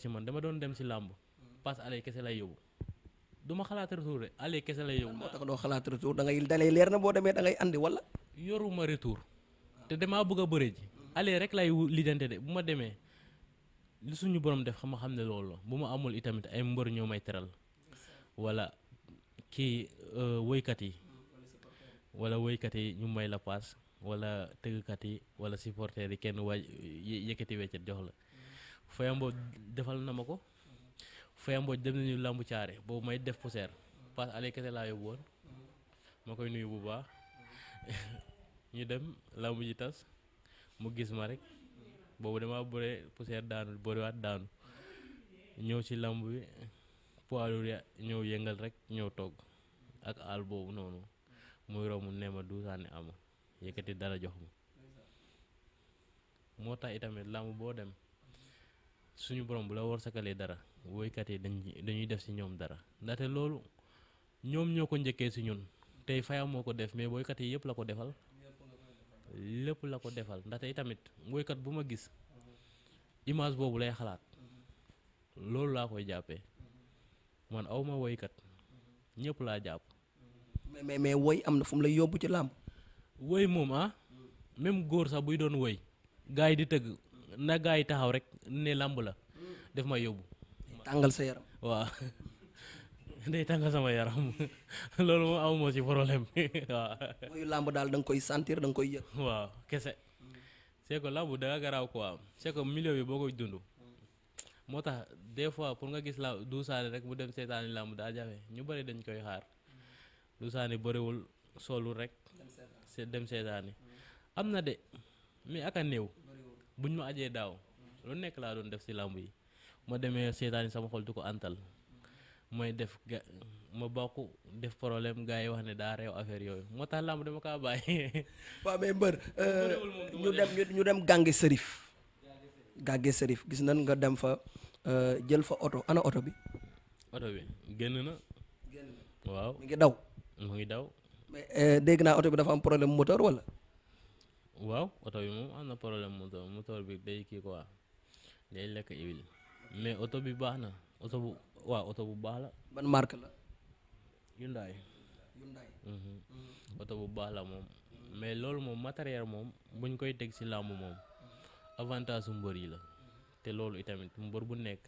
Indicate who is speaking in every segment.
Speaker 1: si man dama doon dem si làmb passe aller kese lay yóbbu du ma xalaat retour de aller kese lay yóbbu. moo tax doo
Speaker 2: xalaat retour da leer na boo demee da ngay andi wala. yoruma retour
Speaker 1: te damaa bëgg a bëre ji. aller rek lay lijjante de bu ma demee li suñu borom def xam xam ne loolu bu ma amul itamit ay mbër ñoo may teral wala ki euh, woykat yi wala woykat yi ñu may la paas wala tëggkat yi wala supporter yi kenn waaj yëkkati weccet jox la. Foya defal na ma ko Foya dem nañu làmbu caare boobu may def poussière passe allé kese laa yóbbu ma koy nuyu bu baax ñu dem làmb ji tas mu gis ma rek boobu dama bëre poussière daanu bëriwaat daanu ñëw ci làmb bi poids lourd ñëw yëngal rek ñëw togg ak àll boobu noonu muy romb nee ma du sànni ama yëkkati dara jox ma moo tax itamit làmb boo dem suñu borom bu la war sakalee dara woykat yi dañ dañuy def si ñoom dara ndaxte loolu ñoom ñoo ko njëkkee si ñun tey faya moo ko def mais woykat yi yëpp la ko defal lépp la ko defal ndaxte itamit woykat bu ma gis boobu lay xalaat loolu laa koy jàppe man awma woykat ñëpp laa jàpp. mais mais mais woy am na fu la yóbbu ci làmp woy moom ah même góor sax buy doon woy gars di tëgg. na gaa yi taxaw rek ne làmb la def may yóbbu. tàngal sa yaram waaw. day tàngal sama yaram loolu moom amoo ci problème waaw.
Speaker 2: da koy sentir da nga koy yëg.
Speaker 1: waaw kese c'est làmb da nga garaaw quoi c'est que milieu bi boo koy dund. moo tax des pour nga gis la duusaane rek mu dem seetaani làmb daa jafe ñu bëri dañ koy xaar duusaane bëriwul solul rek. seetaani am na de mais aka néew. buñ ma ajee daaw lu nekk laa doon def si làmb yi ma demee seetaan yi sama xol du ko antal may def ga ma bokk def problème gars yi wax ne daa réew affaire yooyu moo tax làmb dama kaa bàyyi. waaw mais mbër euh,
Speaker 2: ñu dem ñu dem gànge sërif gànge sërif gis na nga dem fa euh, jël fa oto ana oto bi.
Speaker 1: oto bi génn na. génn na waaw mu ngi daw. mu ngi daw. Euh, dégg naa oto
Speaker 2: bi dafa am problème moteur wala.
Speaker 1: waaw oto bi moom am na problème moteur moteur bi day kii quoi day lekk huile mais oto bi baax na oto bu waaw oto bu baax la. ban marque la. Hyundai. Hyundai. Mhm. Mhm. bu baax la moom. mais loolu moom matériel moom buñ koy teg ci làmb moom avantage su mbër yi la mhm. te loolu itamit mbër bu nekk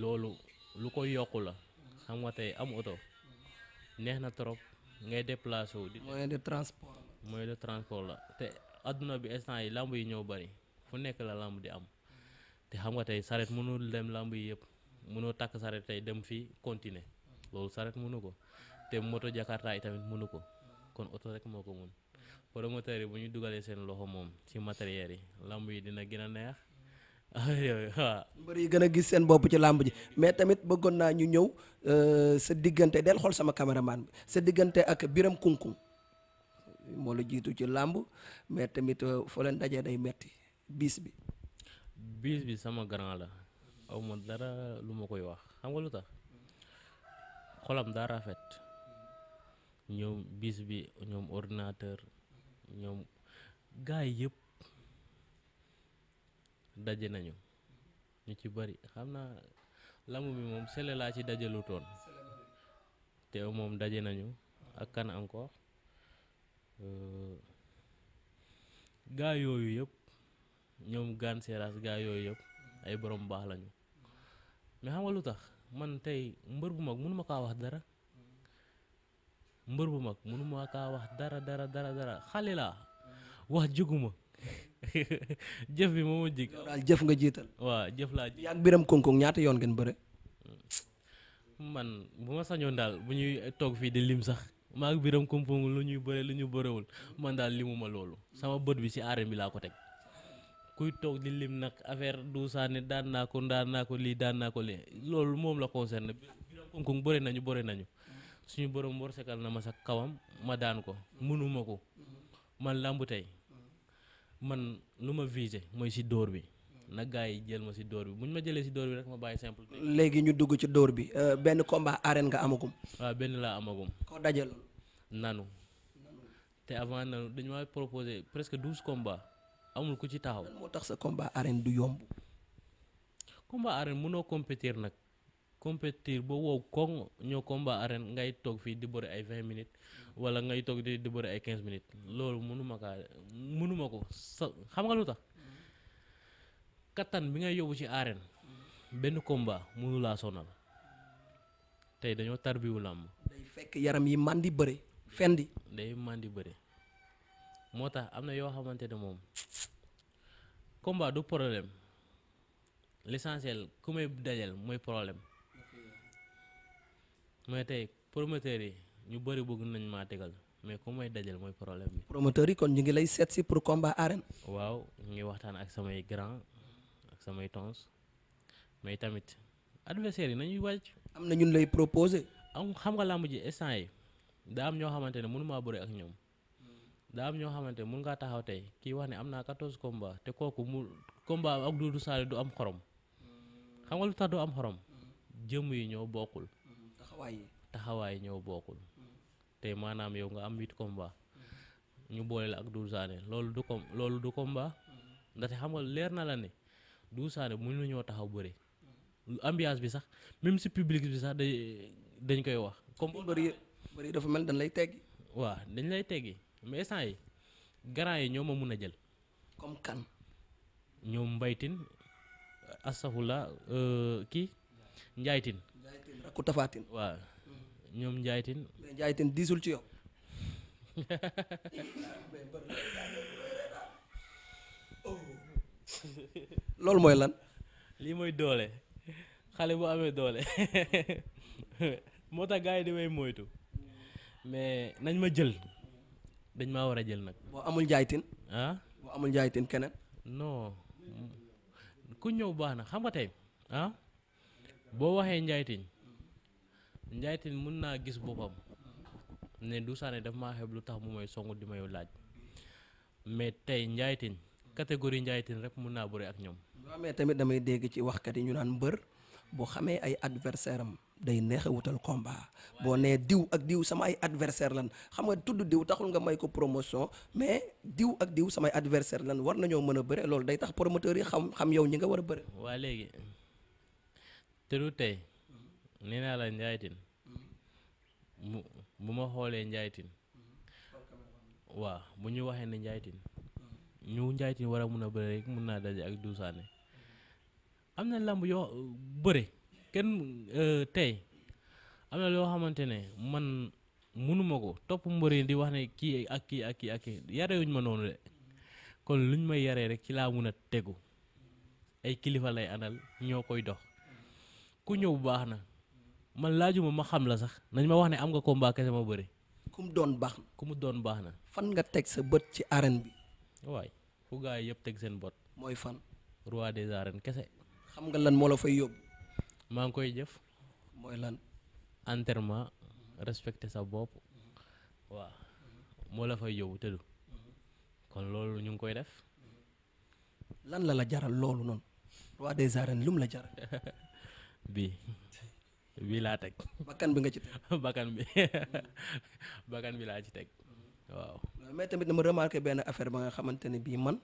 Speaker 1: loolu lu ko yokku la xam nga tey am oto neex na trop ngay déplacé wu. moyen de transport. moyen de transport la te adduna bi instant yi làmb yi ñëw bari fu nekk la làmb di am te xam nga tey saret mënul dem làmb yi yëpp mënoo takk saret tey dem fii continuer loolu saret mënu ko te moto jakarta yi tamit mënu ko kon oto rek moo ko mën promoteurs yi bu ñu dugalee seen loxo moom ci matériel yi làmb yi dina gën a neex yooyu waaw
Speaker 2: gën a gis seen bopp ci làmb ji mais tamit bëggoon naa ñu ñëw euh, sa diggante del xool sama caméraman bi sa diggante ak Biram moo la jiitu ci làmb mais tamit euh, foo leen dajee day metti biis bi.
Speaker 1: biis bi sama grand la aw dara lu ma koy wax xam nga lu tax xolam daa rafet ñoom bis bi ñoom ordinateur ñoom gaay yëpp daje nañu ñu ci bari xam naa lamb bi moom sele laa ci dajalu toon te moom daje nañu ak kan encore. gaa yooyu yëpp ñoom gaan seeraas gaa yooyu yëpp ay borom baax lañu mais xam nga lu tax man tey mbër bu mag mënuma kaa wax dara mbër bu mag mënuma kaa wax dara dara dara dara xale laa wax jiguma jëf bi moom jig daal jëf nga jiital waa jëf laa jig yaag biram konkong ñaati yoon ngeen bëre man bu ma sañoon daal bu ñuy toog fii di lim sax maa ngi biram kumpung lu ñuy bëre lu ñu bërewul man daal limuma loolu sama bët bi si arène bi laa ko teg kuy toog di lim nag affaire du saane daan naa ko ndaan naa ko lii daan naa ko lii loolu moom la concerné biram kumpung bëre nañu bëre nañu suñu borom war sekal na ma sa kawam ma daan ko mënuma ko man làmb tey man lu ma visé mooy si dóor bi na gars yi jël ma si dóor bi bu ñu ma jëlee si dóor bi rek ma bàyyi simple.
Speaker 2: léegi ñu dugg ci dóor bi euh, benn combat arène nga amagum.
Speaker 1: waaw benn laa amagum. koo dajal. nanu. te avant nanu dañu ma proposé presque douze combats amul ku ci taxaw. moo tax sa
Speaker 2: combat arène du yomb.
Speaker 1: combat arène mënoo compétir nag. compétir ba wow koŋ ñoo combat arène ngay toog fii di bëri ay vingt minutes wala ngay toog di di bëri ay quinze minutes loolu mënuma kaa mënuma ko sa xam nga lu tax kattan bi ngay yóbbu ci arène benn combat mënu laa sonal tey dañoo tarbiwu làmb day fekk
Speaker 2: yaram yi mandi bëre fendi
Speaker 1: day mandi bëre moo tax am na yoo xamante ne moom combat du problème l'essentiel ku may dajal mooy problème mooy tey promoteur yi ñu bëri bëgg nañ maa tegal mais ku may dajal mooy problème bi.
Speaker 2: promoteur yi kon ñu ngi lay seet si pour combat arène.
Speaker 1: waaw ñu ngi waxtaan ak samay grand samay tons mais tamit adversaire yi nañuy wàcc. am na ñun lay proposé. am xam nga làmb ji instant yi daa am ñoo xamante ne mënumaa bëre ak ñoom daa ñoo xamante ne mun ngaa taxaw tey kii wax ne am naa 14 combats te kooku mu combat ak Doudou Sané du am xorom xam nga lu tax du am xorom jëmm yi ñoo bokkul. taxawaay yi taxawaay yi ñoo bokkul. te maanaam yow nga am huit combat ñu boole la ak Doudou Sané loolu du ko loolu du combat ndaxte xam nga leer na la ne Doudou Sané mën nañoo taxaw bëre. ambiance bi sax même si public bi sax dañ koy wax. comme
Speaker 2: bëri dafa mel dañ
Speaker 1: lay teggi. waa dañ lay teggi mais instant yi garant yi ñoo ma mun a jël. comme kan. ñoom mbaytin astaxfurlah euh, kii. njaaytin njaaytin ak ku tafaatin. waaw ñoom
Speaker 2: njaaytin. diisul ci yow. loolu mooy lan.
Speaker 1: lii mooy doole xale bu amee doole moo tax gars yi di may moytu mais nañ ma jël dañ ma war a jël nag.
Speaker 2: boo amul njaaytin.
Speaker 1: ah boo amul njaaytin keneen. non ku ñëw baax na xam nga tey ah? boo waxee njaaytin njaaytin mun naa gis boppam ne du sànni daf maa lu tax mu may songu di may laaj mais tey njaaytin. catégorie Ndiaye Tine rek mun naa bëre ak ñoom.
Speaker 2: bu amee tamit damay dégg ci waxkat yi ñu naan mbër bu xamee ay adversaire am day neex a wutal combat boo nee diw ak diw sama ay adversaire lan xam nga tudd diw taxul nga may ko promotion mais diw ak diw sama adversaire lan war nañoo mën a bëre loolu day tax promoteurs yi xam xam yow ñi nga war a bëre.
Speaker 1: waa léegi te du tey nee naa la Ndiaye Tine bu ma xoolee njaaytin Tine waaw bu ñu waxee ne Ndiaye ñu njaay Tine war a mun a bari rek mun naa daje ak Doudou am na làmb yoo bëre kenn euh, tey am na loo xamante ne man munuma ko topp mbëri di wax ne kii ak kii ak kii ak kii yarewuñ ma noonu de kon luñ may yaree rek ci laa mun a tegu ay kilifa lay àndal ñoo koy dox ku ñëw bu baax na man laajuma ma xam la sax nañ ma wax ne am nga combat kese ma bëri. ku mu doon baax na fan nga teg sa bët ci arène bi. fu gars yi yëpp teg seen bot. mooy fan. roi des arènes kese. xam nga lan moo la fay yóbbu. maa ngi koy jëf. mooy lan. enterrement respecter sa bopp. waaw moo la fay yóbbu tëdu. kon loolu ñu ngi koy def.
Speaker 2: lan la la jaral loolu noonu. roi de arènes lum la
Speaker 1: jaral. bii bii laa teg. bakkan bi nga ci teg. bakkan bi bakkan bi laa ci teg waaw.
Speaker 2: Euh, mais tamit dama remarqué benn affaire ba nga xamante ne bii man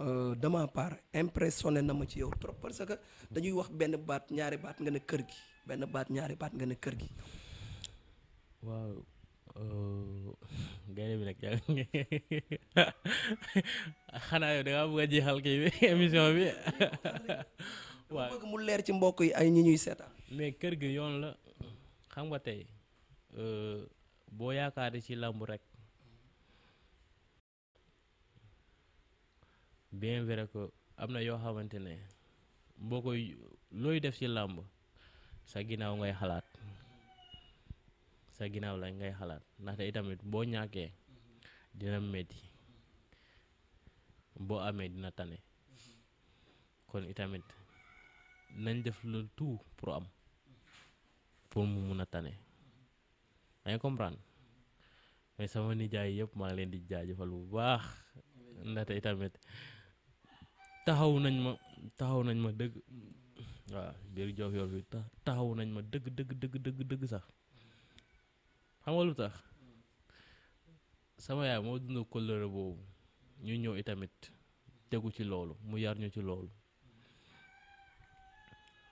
Speaker 2: euh, de ma part impressionné na ma ci yow trop parce que dañuy wax benn baat ñaari baat nga ne kër gi benn baat ñaari baat nga ne kër gi.
Speaker 1: waaw. Euh, gaynde bi nag jàng xanaa yow da ngaa a jeexal kii bi émission bi. waaw mu leer ci mbokk yi ay ñi ñuy seetaan. mais kër gi yoon la xam nga tey boo yaakaari ci làmb rek. bien vrai que am na yoo xamante ne boo koy looy def ci làmb sa ginnaaw ngay xalaat sa ginnaaw la ngay xalaat ndaxte itamit boo ñàkkee dina metti boo amee dina tane kon itamit nañ def le tout pour am pour mu mun a tane danga comprendre mais sama nijaay yëpp maa ngi leen di jaajëfal bu baax ndaxte itamit taxaw nañ ma taxaw nañ ma dëgg waaw biir jof yor fi taxaw nañ ma dëgg dëgg dëgg dëgg sax xam nga lu tax sama yaay moo dund kóllëre boobu ñu ñëw itamit tegu ci loolu mu yar ñu ci loolu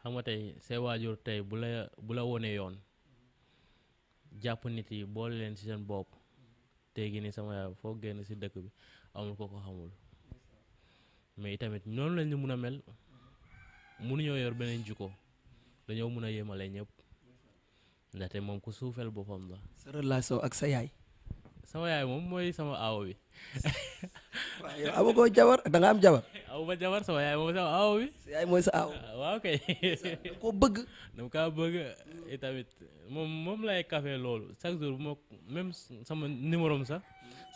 Speaker 1: xam nga tey say waajur tey bu la bu la wone yoon jàpp nit yi boole leen ci seen bopp tey gi ni sama yaay foo génn ci dëkk bi amul ko ko xamul mais tamit noonu lañ mun a mel mënuñoo yor beneen jikko dañoo mun a yéemale ñëpp ndaxte moom ku suufel boppam la.
Speaker 2: sa relation ak sa yaay.
Speaker 1: sama yaay moom mooy sama aawo bi. waaw yow am jabar. amu ma sa yaay mooy sa aawo. Ah, waaw kay. bëgg. dama kaa bëgg tamit moom moom lay café loolu chaque jour bu ma même sama numéro am sax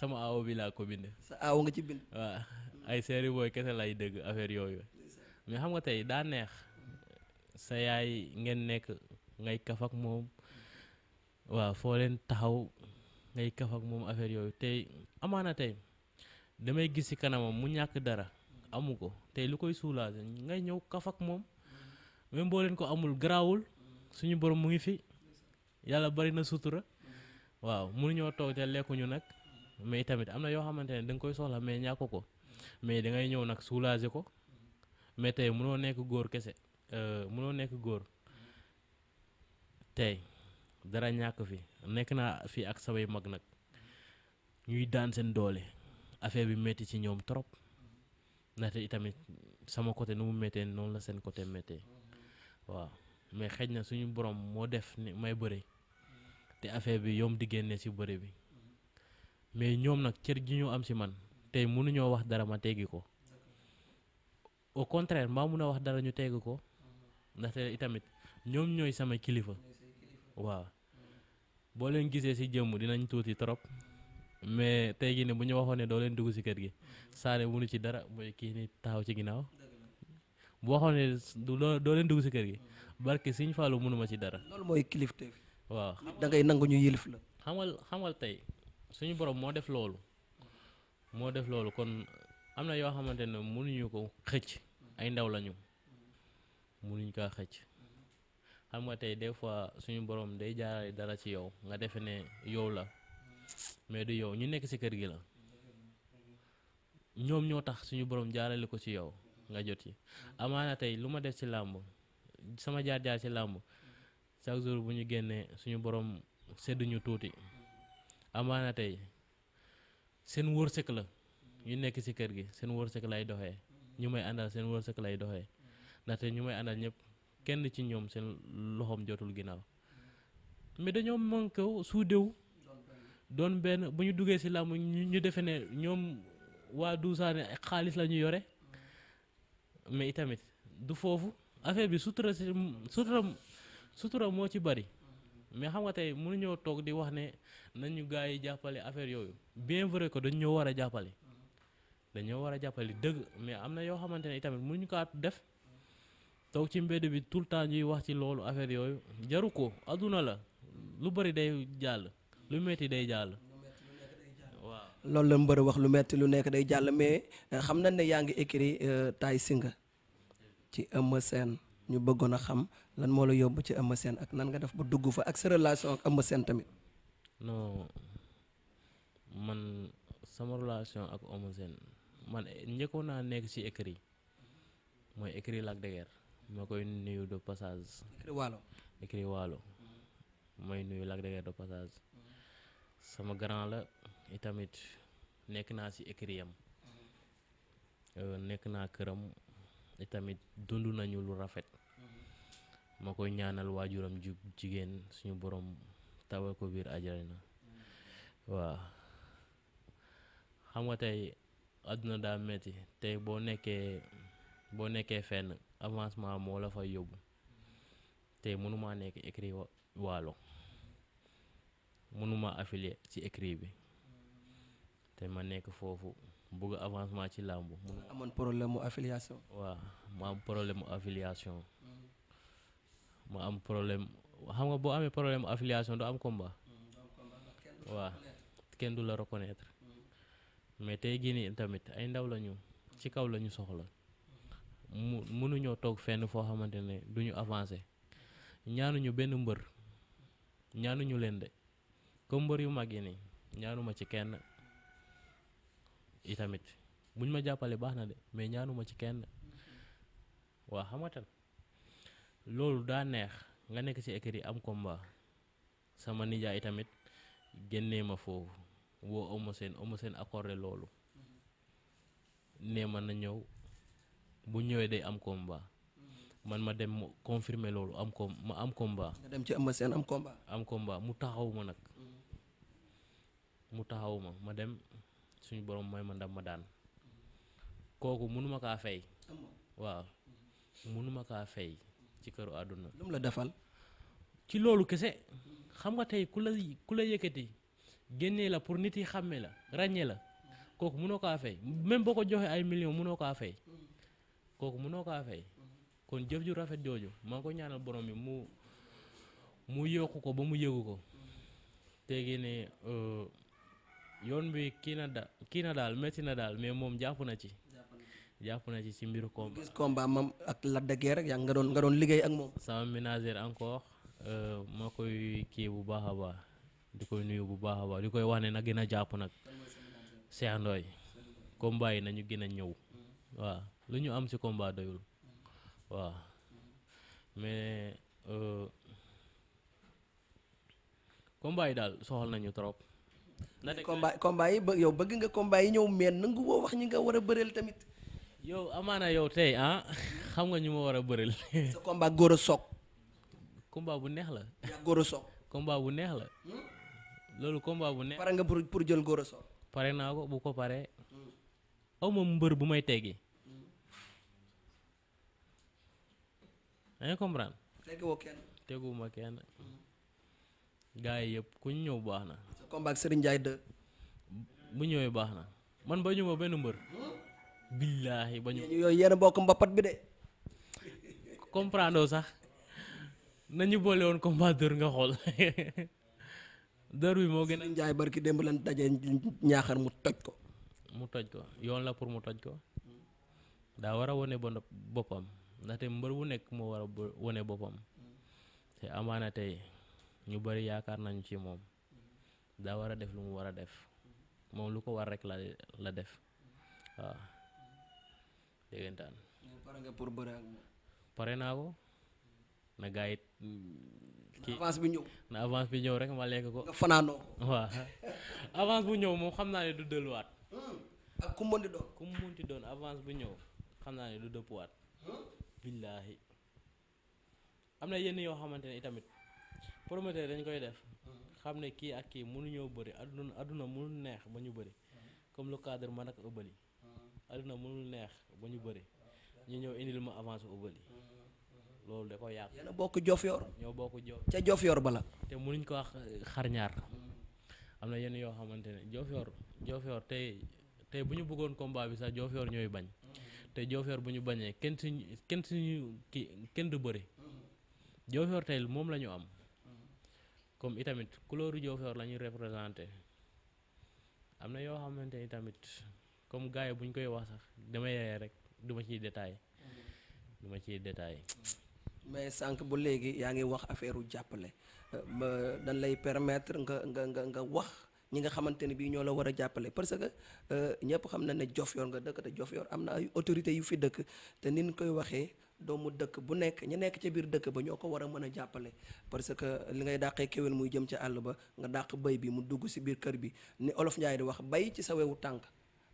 Speaker 1: sama aawo bi laa ko bind. sa aawo nga ci bind. waaw. ay série booy kese laay dëgg affaire yooyu mais xam nga tey daa neex sa yaay ngeen nekk ngay kaf ak moom waaw foo leen taxaw ngay kaf ak moom affaire yooyu tey amaana tey damay gis ci kanamam mu ñàkk dara amu ko tey lu koy soulager ngay ñëw kaf ak moom même boo ko amul garaawul suñu borom mu ngi fi yàlla bari na sutura waaw mënuñoo toog te lekkuñu nag mais tamit am na yoo xamante ne da koy soxla mais ñàkk ko. mais da ngay ñëw nag soulager ko mais tey mënoo nekk góor kese euh, mënoo nekk góor tey dara ñàkk fi nekk naa fi ak samay mag nag ñuy daan seen doole affaire bi métti ci ñoom trop ndaxte itamit sama côté nu mu méttee noonu la seen côté méttee waaw mais xëj na suñu borom moo def ni may bëre te affaire bi yom di génne si bëre bi mais ñoom nag cër gi ñu am si man tey mënuñoo wax dara ma teggi ko au contraire maa mun a wax dara ñu tegg ko ndaxte itamit ñoom ñooy sama kilifa waaw boo leen gisee si jëmm dinañ tuuti trop mais tey jii ne bu ñu waxoon ne doo leen dugg si kër gi saane munu ci dara mooy kii ni taxaw ci ginnaaw bu waxoon ne doo leen dugg si kër gi barke siñ Faalu mënuma ci dara. loolu mooy kilifteef. waaw da ngay nangu ñu yilif la. xamal xamal tey suñu borom moo def loolu. moo def loolu kon am na yoo xamante ne mënuñu ko xëcc ay ndaw lañu mënuñ kaa xëcc xam nga tey des fois suñu borom day jaarale dara ci yow nga defe ne yow la mais du yow ñu nekk ci kër gi la ñoom ñoo tax suñu borom jaarale ko ci yow nga jot yi amaana tey lu ma def ci làmb sama jaar-jaar ci làmb chaque jour bu ñu génnee suñu borom sedd ñu tuuti amaana tey seen wërsëg la ñu nekk ci kër gi seen wërsëg lay doxee ñu may àndal seen wërsëg lay doxee ndaxte ñu may àndal ñëpp kenn ci ñoom seen loxoom jotul ginnaaw mais dañoo manqué suudew doon benn bu ñu duggee ci làmb ñu defe ne ñoom waa Duusaane xaalis la ñu yore mais itamit du foofu affaire bi sutura si sutura sutura moo ci bari mais xam nga tey mënuñoo toog di wax ne nañu gars yi jàppale affaire yooyu bien vrai que dañu ñëw war a jàppale dañoo war a jàppale dëgg mais am na yoo xamante ne itamit mënuñu kaa def toog ci mbedd bi tout le temps ñuy wax ci loolu affaire yooyu jaru ko adduna la lu bëri day jàll lu metti day jàll. waaw loolu la
Speaker 2: mbër wax lu metti lu nekk day jàll mais xam na ne yaa ngi écrit euh, Tay Shinger ci Eumeu Sène ñu bëggoon a xam lan moo la yóbbu ci Eumeu Sène ak nan nga def ba dugg fa ak sa relation ak Eumeu Sène tamit.
Speaker 1: non man sama relation ak Eumeu Sène man njëkkoon naa nekk ci écrit mooy écrit Lac de Guiers koy nuyu de passage. écrit waalo écrit mooy nuyu Lac de Guiers de passage sama grand la itamit nekk naa si écrit yam euh, nekk naa këram itamit dund nañu lu rafet ma koy ñaanal waajuram ju jigéen suñu borom tawal ko biir àjjana waaw xam nga tey àdduna daa metti te boo nekkee boo nekkee fenn avancement moo la fa yóbbu te mënuma nekk écrit waalo mënuma affilié ci écrit bi te ma nekk foofu bugg avancement ci làmbu amoon problème mu affiliation. waaw ma am problème mu affiliation. Mm-hmm. ma am problème xam nga boo amee problème affiliation du am combat waaw kenn du la reconnaître mais tey jii nii tamit ay ndaw lañu ci kaw lañu soxla mu mënuñoo toog fenn foo xamante ne du ñu avancer ñaanuñu benn mbër ñaanuñu leen de comme mbër yu mag yi nii ñaanuma ci kenn i tamit buñ ma jàppale baax na de mais ñaanuma ci kenn waa xamatan loolu daa neex nga nekk ci yi am komba sama nijaay tamit génnee ma foofu woo Eumeu Sène Eumeu Sène accordé loolu nee ma na ñëw bu ñëwee day am komba man ma dem mu confirmer loolu am ko ma am komba dem ci Eumeu Sène am combat. am combat mu taxaw ma nag. mu taxaw ma ma dem suñu borom mooy ma ndam ma daan kooku mënuma kaa fay. waaw mënuma kaa fay. ci këru àdduna. lu la defal. ci loolu kese xam nga tey ku la ku la yëkkati génnee la pour nit yi xàmme la ràññee la kooku mënoo kaa fay même boo ko joxee ay millions mënoo kaa fay kooku mënoo kaa fay kon jëf ju rafet jooju maa ko ñaanal borom bi mu mu yokku ko ba mu yëgu ko tegi ne euh, yoon bi kii na da kii na daal métti na daal mais moom jàpp na ci. jàpp na ci ci mbiru combat. gis combat
Speaker 2: mam ak Lac de Guiers rek yaa nga doon nga liggéey
Speaker 1: ak moom. sama ménagère encore euh, maa koy kii bu baax a baax di koy nuyu bu baax a baax di koy wax ne na gën a jàpp nag. Cheikh Ndoye combat yi nañu gën a ñëw. waaw lu ñu am ci combat euh, yi daal soxal nañu trop.
Speaker 2: na combat combat yi yow bëgg nga combat yi ñëw mais nangu woo wax ñi nga war a bëreel tamit.
Speaker 1: yow amaana yow tey ah xam nga ñu ma war a bëril. sa combat góor a soog. combat bu neex la. yaa góor bu neex la. Hmm? loolu combat bu neex. pare nga pour pour jël góor a pare naa bu ko paree. Hmm. aw ma mbër bu may teggi. da hmm. ngay comprendre. teggiwoo kenn. yi yëpp ku ñu ñëw baax na. sa combat Ndiaye 2. bu ñëwee baax na man ba ñu ma benn mbër. billaahi ba ñu. yooyu yéen a bokk mbapat bi de. comprendre sax nañu boole woon combat nga xool
Speaker 2: dër bi moo gën a. njaay ki démb lan daje ñaaxar mu toj ko.
Speaker 1: mu toj ko yoon la pour mu toj ko daa war a wane boppam ndaxte mbër bu nekk moo war a wone boppam te amaana tey ñu bari yaakaar nañu ci moom daa war a def lu mu war a def moom lu ko war rek la la def waaw. déggantaan.
Speaker 2: pare nga pour bëre ak
Speaker 1: pare naa ko na gaa it. Hmm. kii avance bi ñëw. na avance bi ñëw rek ma lekk ko. nga fanaanoo ko. avance bu ñëw moom xam naa ne du delluwaat. Hmm. ak ku mu mënti doon. avance bu ñëw xam naa ne du dëppuwaat. Hmm. billaahi am na yenn yoo xamante ne itamit promoteur dañ koy def. xam ne kii ak kii mënuñoo bëri àdduna àdduna mënu neex ba ñu bëri. comme lu cadre man ak ëbbali àdduna mënul neex ba ñu bëri ñu ñëw indil ma avance Obali loolu da ko yàq. yéen bokk Diofior. ñoo bokk Diofior ca Diofior bala. te mënuñ ko wax euh, xar ñaar na yenn yoo xamante ne Diofior Diofior tey tey bu ñu bëggoon combat bi sax Diofior ñooy bañ te Diofior bu ñu bañee kenn suñu ñu kenn du bëri Diofior tey moom lañu am comme itamit couleur Diofior la ñuy représenté am na yoo xamante ni tamit. comme gars yi bu ñu koy wax sax damay yee rek du ma ciy détaillé du ma ciy détaillé.
Speaker 2: mais sànq bu léegi yaa ngi wax affaire u jàppale ba dañ lay permettre nga nga nga nga wax ñi nga xamante ne bii ñoo la war a jàppale parce que euh, ñëpp xam na ne Diofior nga dëkk te Diofior am na ay autorités yu fi dëkk te ni ñu koy waxee. doomu dëkk bu nekk ñu nekk ci biir dëkk ba ñoo ko war a mën a jàppale parce que li ngay dàqee kéwél muy jëm ca àll ba nga dàq bay bi mu dugg si biir kër bi ni olof Njaay di wax bay ci sa wewu tànk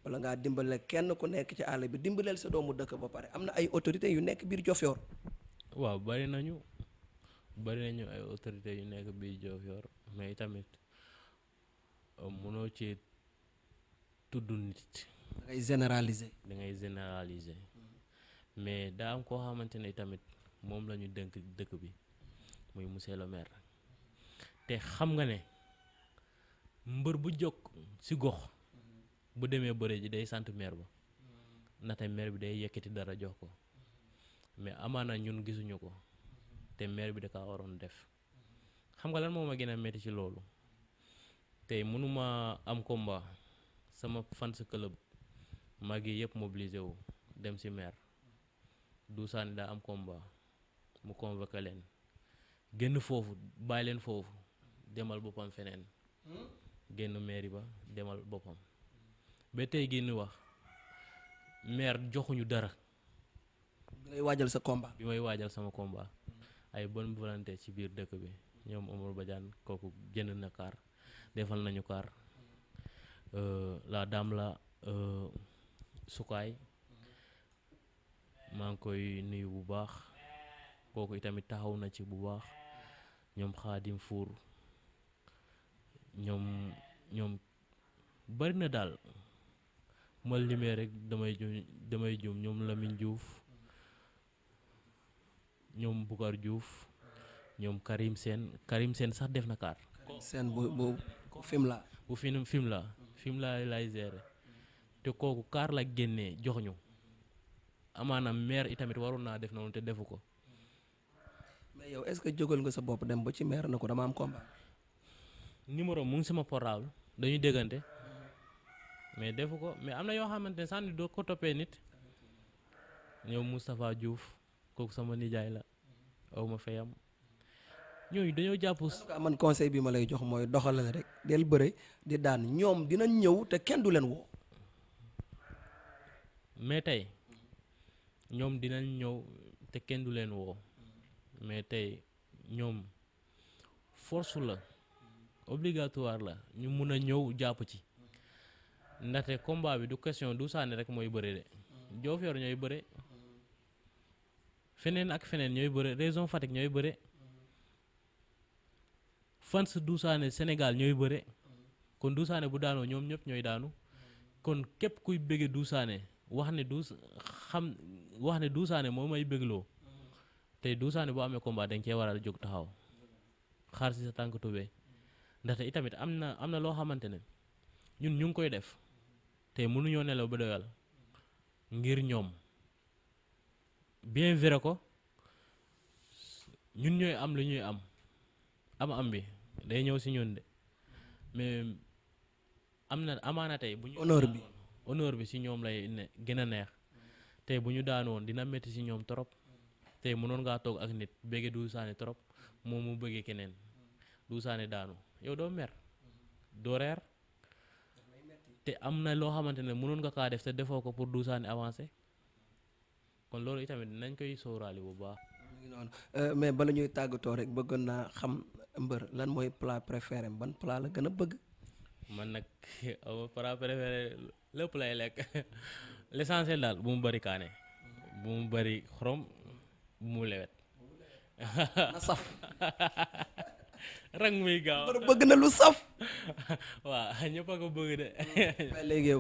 Speaker 2: wala ngaa dimbale kenn ku nekk ci àll bi dimbaleel sa doomu dëkk ba pare am na ay autorités yu nekk biir Diofior.
Speaker 1: waaw bari nañu bari nañu ay autorité yu nekk biir Diofior mais tamit euh, mënoo ci tudd nit. da ngay da ngay généraliser mais daa am koo xamante ne tamit moom la ñu dënk dëkk bi muy monsieur le te xam nga ne mbër bu jokk si gox. bu demee bëre ji day sant maire ba ndaxte maire bi day yekkati dara jox ko mais amaana ñun gisuñu ko te maire bi da kaa waroon def xam nga lan moo ma gën a métti ci loolu tey mënuma am combat sama fans club mag yi yëpp mobilisé wu dem ci maire duusaani daa am combat mu convoqué leen génn foofu bàyyi foofu demal boppam feneen hmm? génn mairie ba demal boppam ba tey gi ni wax maire joxuñu dara. bi ngay waajal sa combat. bi may waajal sama komba ay bonne volonté ci biir dëkk bi ñoom Omar Badiane kooku jënd na kaar defal nañu kaar euh, la dame la euh, sukaay maa ngi koy nuyu bu baax kooku itamit taxaw na ci bu baax ñoom xaadim fuur ñoom ñoom bari na daal ma limee rek damay juum damay juum ñoom Lamine Diouf ñoom Boucar Diouf ñoom Karim Sène Karim seen sax def na kaar. Sène bu bu bu Fimela. bu Fimela Fimela Fimela te kooku kaar la génnee jox ñu amaanaam maire itamit waroon naa def noonu te defu ko. mais yow est-ce que jógal nga sa bopp dem ba ci maire na ko dama am combat. numéro mu ngi sama portable dañuy déggante. mais defu ko mais am na yoo xamante ne sànni doo ko toppee nit ñoom Moustapha Diouf kooku sama nijaay la aw ma fayam
Speaker 2: ñooñu dañoo jàpp. man conseil bi ma lay jox mooy doxalal rek del bëre di daan ñoom dinañ ñëw te kenn du leen woo.
Speaker 1: mais tey ñoom dinañ ñëw te kenn du leen woo mais tey ñoom force la obligatoire la ñu mun a ñëw jàpp ci. ndaxte combat bi du question du saane rek mooy bëre de Diofior ñooy bëre feneen ak feneen ñooy bëre région Fatick ñooy bëre fans du saane Sénégal ñooy bëre kon du bu daanoo ñoom ñëpp ñooy daanu kon képp kuy bëgge du saane wax ne du xam wax ne du saane moo may bëggloo tey du boo bu amee combat dañ cee war a jóg taxaw xaar si sa tànk tubee ndaxte itamit am na am na loo xamante ne ñun ñu ngi koy def tey mënuñoo nelaw ba doyal ngir ñoom bien vrai ko ñun ñooy am lu ñuy am am am bi day ñëw si ñun de mais am na amaana tey bu ñu bi si ñoom lay gën a neex tey bu ñu daan woon dina métti si ñoom trop tey mënoon ngaa toog ak nit bëgge duusaane trop moom mu bëggee keneen duusaane daanu yow doo mer doo reer te am na loo xamante ne mënoon nga kaa def te defoo ko pour duusaani avancé kon loolu itamit nañ koy sóoraale bu baax.
Speaker 2: Euh, mais bala ñuy tàggatoo rek bëggoon naa xam mbër lan mooy plat préféré ban plat la gën a
Speaker 1: bëgg. man nag aw plat préféré lépp lay lekk l' essentiel daal bu mu bëri kaane. bu mu bëri xorom bu mu lewet. na saf. rang muy gaaw bëgg na lu saf. waaw ñëpp a ko bëgg de.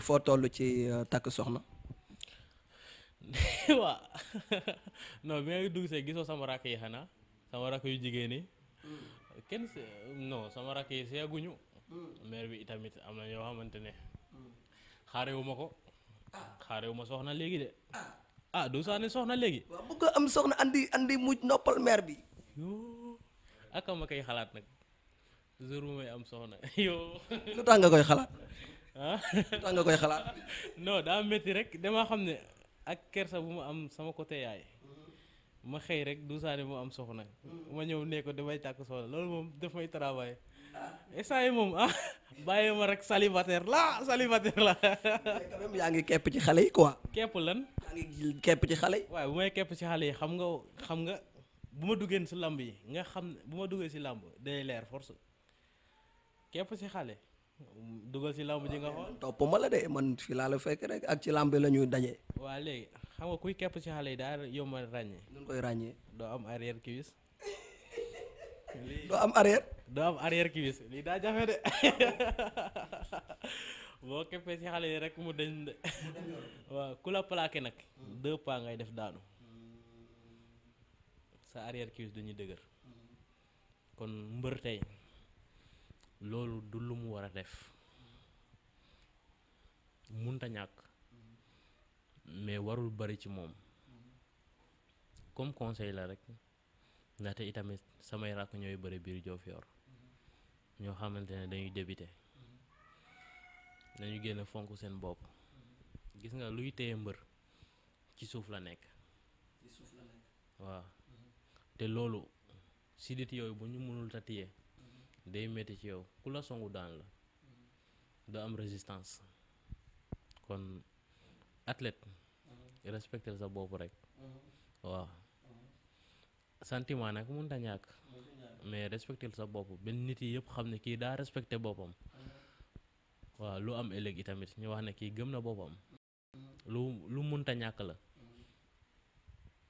Speaker 2: foo toll ci euh, takk soxna.
Speaker 1: waaw non bi nga dugg see gisoo sama rakk yi xanaa sama rakk yu jigéen yi mm. kenn non sama rakk yi seeguñu. Mm. mère bi itamit am na ñoo xamante ne. Mm. xaarewuma ko. Ah. xaarewuma soxna léegi de. ah, ah du saa soxna léegi. waaw
Speaker 2: bëgg am soxna andi andi mujj noppal mère bi.
Speaker 1: ak ma xalaat nag jour bu may am soxna yow. lu tax nga koy xalaat. Ah. lu tax nga koy xalaat. non daa métti rek dama xam ne ak kersa bu ma am sama côté yaay. ma xëy rek duusaane mu am ñëw ne ko damay tàkk soxna loolu moom daf may travail ah. instant moom bàyyee ah, bàyyi ma rek célibataire la célibataire la. yaa ngi kepp
Speaker 2: ci xale yi quoi.
Speaker 1: kepp lan. yaa ngi kepp ci xale yi. waaye bu may kepp ci xale yi xam nga xam nga. bu ma duggeen si làmb yi nga xam bu ma duggee si làmb day leer force képp si xale dugal si làmb ji nga ah, xool
Speaker 2: topp ma la de man fi laa fekk rek ak ci làmb la ñuy daje.
Speaker 1: waa léegi xam nga kuy kepp si xale yi daa yomb a ràññee nun koy ràññee doo am arrière cuisse doo am arrière doo am arrière cuisse lii daa jafe de boo képpee si xale yi rek mu dañ de waaw ku la plaqué nag deux pas ngay def daanu sa arrière cuisse duñu dëgër kon mbër tey loolu du lu mu war a def munta ñàkk mais warul bari ci moom comme conseil la rek ndaxte itamit samay rakk ñooy bari biir Diofior ñoo xamante ne dañuy débuté dañu génn fonk seen bopp gis nga luy téye mbër ci suuf la nekk
Speaker 2: ci suuf la nekk
Speaker 1: waaw te loolu sidit yooyu bu ñu mënul tatiyee day métti ci yow ku la songu daan la doo am résistance kon athlète respecter sa bopp rek waaw sentiment nag mun ñàkk mais respecter sa bopp benn nit yi yëpp xam ne kii daa respecté boppam waaw lu am ëllëg i tamit ñu wax ne kii gëm na boppam lu lu munta ñàkk la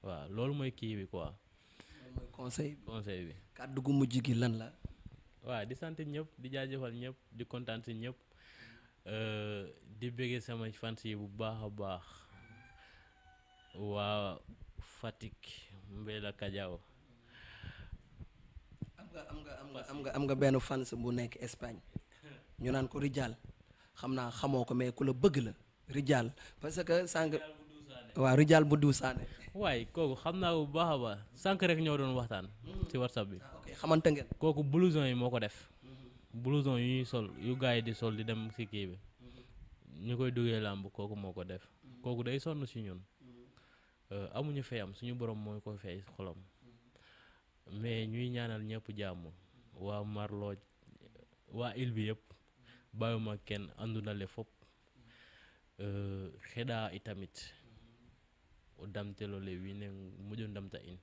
Speaker 1: waaw loolu mooy kii bi quoi conseil conseil bi
Speaker 2: kàddu gu mujj gi lan la
Speaker 1: waaw di sant ñëpp di jaajëfal ñëpp di kontaan si ñëpp di bëggee samay fans bu baax a baax waa Fatick Mbella Kadiaw
Speaker 2: am nga am nga am nga am nga am nga benn fans bu nekk Espagne ñu naan ko Rijal xam naa xamoo ko mais ku la bëgg la Rijal
Speaker 1: parce que sànq
Speaker 2: waaw Rijal bu duusaane
Speaker 1: waaye kooku xam naa bu baax a baax sànq rek ñoo doon waxtaan. si whatsapp bi. Ah, xamante ngeen. kooku blouson yi moo ko def. blouson yu ñuy sol yu gars yi di sol di dem si kii bi. ñu koy duggee làmb kooku moo ko def. kooku day sonn si ñun. Euh, amuñu feyam suñu borom mooy ko fey xolam. mais ñuy ñaanal ñëpp jàmm. waa Marlooj waa il bi yëpp. bàyyuma kenn àndunale fop. Euh, xedaa itamit. o damtelo le wiine moƴo damta in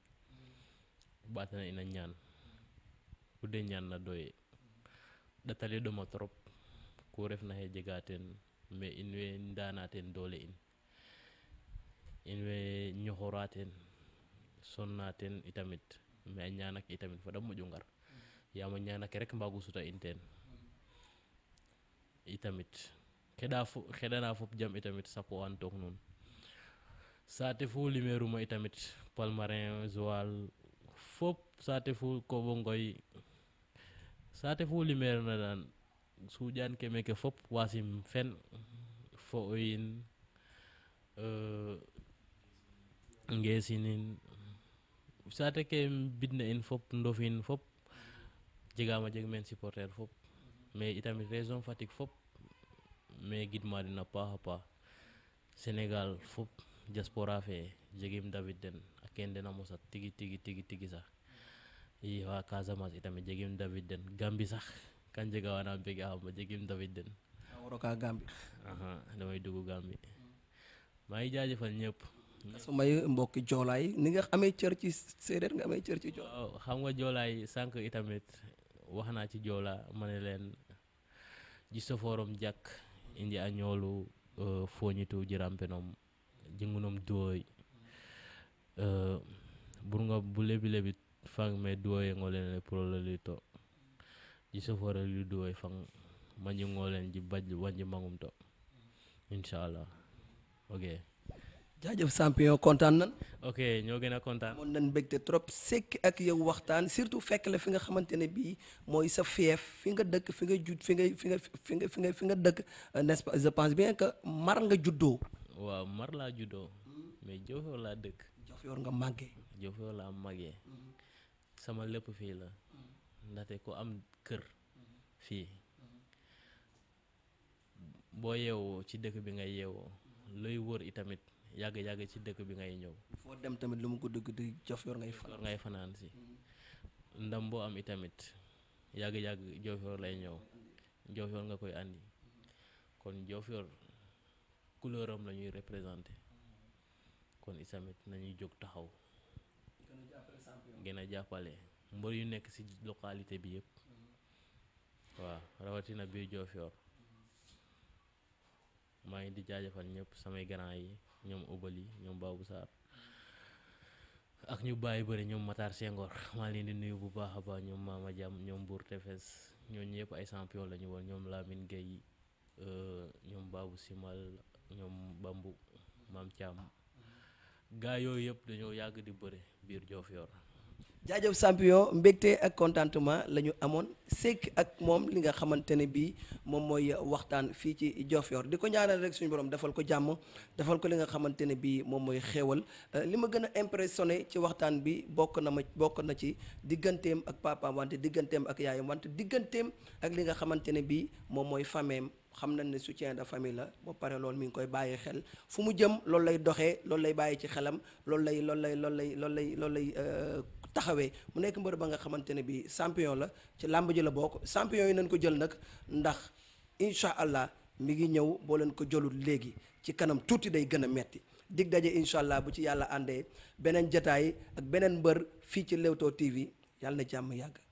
Speaker 1: o ɓatana ina ñaan kude ñaan na doye ɗatale ɗoma trop ku refna he jega teen mais in way ndana teen doole in in way ñoxora teen sonna teen itamit mais a ñaana ke itamit fada moƴo ngar yaam a ñaana ke rek mbaagu suta in teen itamit xeɗa fo xeɗana fop jam itamit saqu an toog nuun saate fuu limeeruma i palmarin joal fop saate fuu kobo ngoy saate fuu limeer na daan suƴaan ke fop wasim fen fo oyin euh, ngeesinin saate ke bidna in fop ndofin fop jegaam a jeg meen supporter fop mais itamit région Fatick fop mais gidma den paax a paax Sénégal fop diaspora fee david den a ken den a mosa tigi tigi tigi tigi sax i wa Casamance itamit jegim david den gambi sax kan jega wana mbege xam jegim david den damay dugg gambi maa ngi jaajëfal ñëpp su may
Speaker 2: mbokki joolaay ni nga amee cër ci séeréer nga amee
Speaker 1: cër ci joolaay xam nga joolaay sànq itamit wax naa ci joola ma ne leen ji sofoorom jàkk indi a ñoolu euh, fooñitu jirampenom jingunom duwoyi bunga bulebi lebi fang me duwoye ngolen le prololi to jisofore li duwoy fang manji ngolen ji baj wanji mangum to allah ok
Speaker 2: jaajëf sampion kontaan nan
Speaker 1: ok ñoo gën a kontaan moon nan mbégte trop sekk ak
Speaker 2: yow waxtaan surtout fekk la fi nga xamante ne bii mooy sa fief fi nga dëkk fi nga jud fi nga fi nga fi nga fi nga fi nga dëkk n'est-ce pas je pense bien que mar nga juddoo
Speaker 1: waaw Mar laa juddoo. Hmm. mais Diofior laa dëkk. Diofior nga màggee. Diofior laa màggee. Hmm. sama lépp fii la. Hmm. ndaxte ko am kër. fii boo yeewoo ci dëkk bi ngay yeewoo. looy wër itamit yàgg yàgg ci dëkk bi ngay ñëw. foo dem tamit lu mu ko dëgg di Diofior ngay fanaan si. ndam boo am itamit yàgg yàgg Diofior lay ñëw Diofior nga koy andi kon Diofior. couleuram lañuy représenté kon itamit nañuy jóg taxaw. gën a jàppale mbër yu nekk ci localité bi yëpp. waaw rawatina bi Diofior maa ngi di jaajëfal ñëpp samay grand yi ñoom Obali ñoom Babou Sarr ak ñu bàyyi bëri ñoom Matar Senghor maa leen di nuyu bu baax a baax ñoom Mama ñoom Bour Tefes ñooñu ñëpp ay champion la ñu woon ñoom Lamine Gueye euh, ñoom Babou Simal ñoom bambu maam Thiam gaa yooyu yëpp dañoo yàgg di bëre biir Diofior
Speaker 2: jaajëf sampiyo mbégte ak contentement la ñu amoon sekk ak moom li nga xamante ne bii moom mooy waxtaan fii ci Diofior di ko ñaanal rek suñu borom defal ko jàmm defal ko li nga xamante ne bii moom mooy xéewal euh, li ma gën a impressionné ci waxtaan bi bokk na ma bokk na ci digganteem ak papaam wante digganteem ak yaayam wante digganteem ak li nga xamante ne bii moom mooy fameem xam nañ ne soutien de famille la ba pare loolu mi ngi koy bàyyi xel fu mu jëm lool lay doxee loolu lay bàyyi ci xelam loolu lay loolu lay loolu lay loolu lay loolu lay euh, taxawee mu nekk mbër ba nga xamante ne bi sampion la ci làmb ji la bokk sampion yi nañ ko jël nag ndax incha allah mi ngi ñëw boo leen ko jëlul léegi ci kanam tuuti day gën a metti dig daje incha allah bu ci yàlla àndee beneen jataay ak beneen mbër fii ci Leewtoo TV yàlla na jàmm yàgg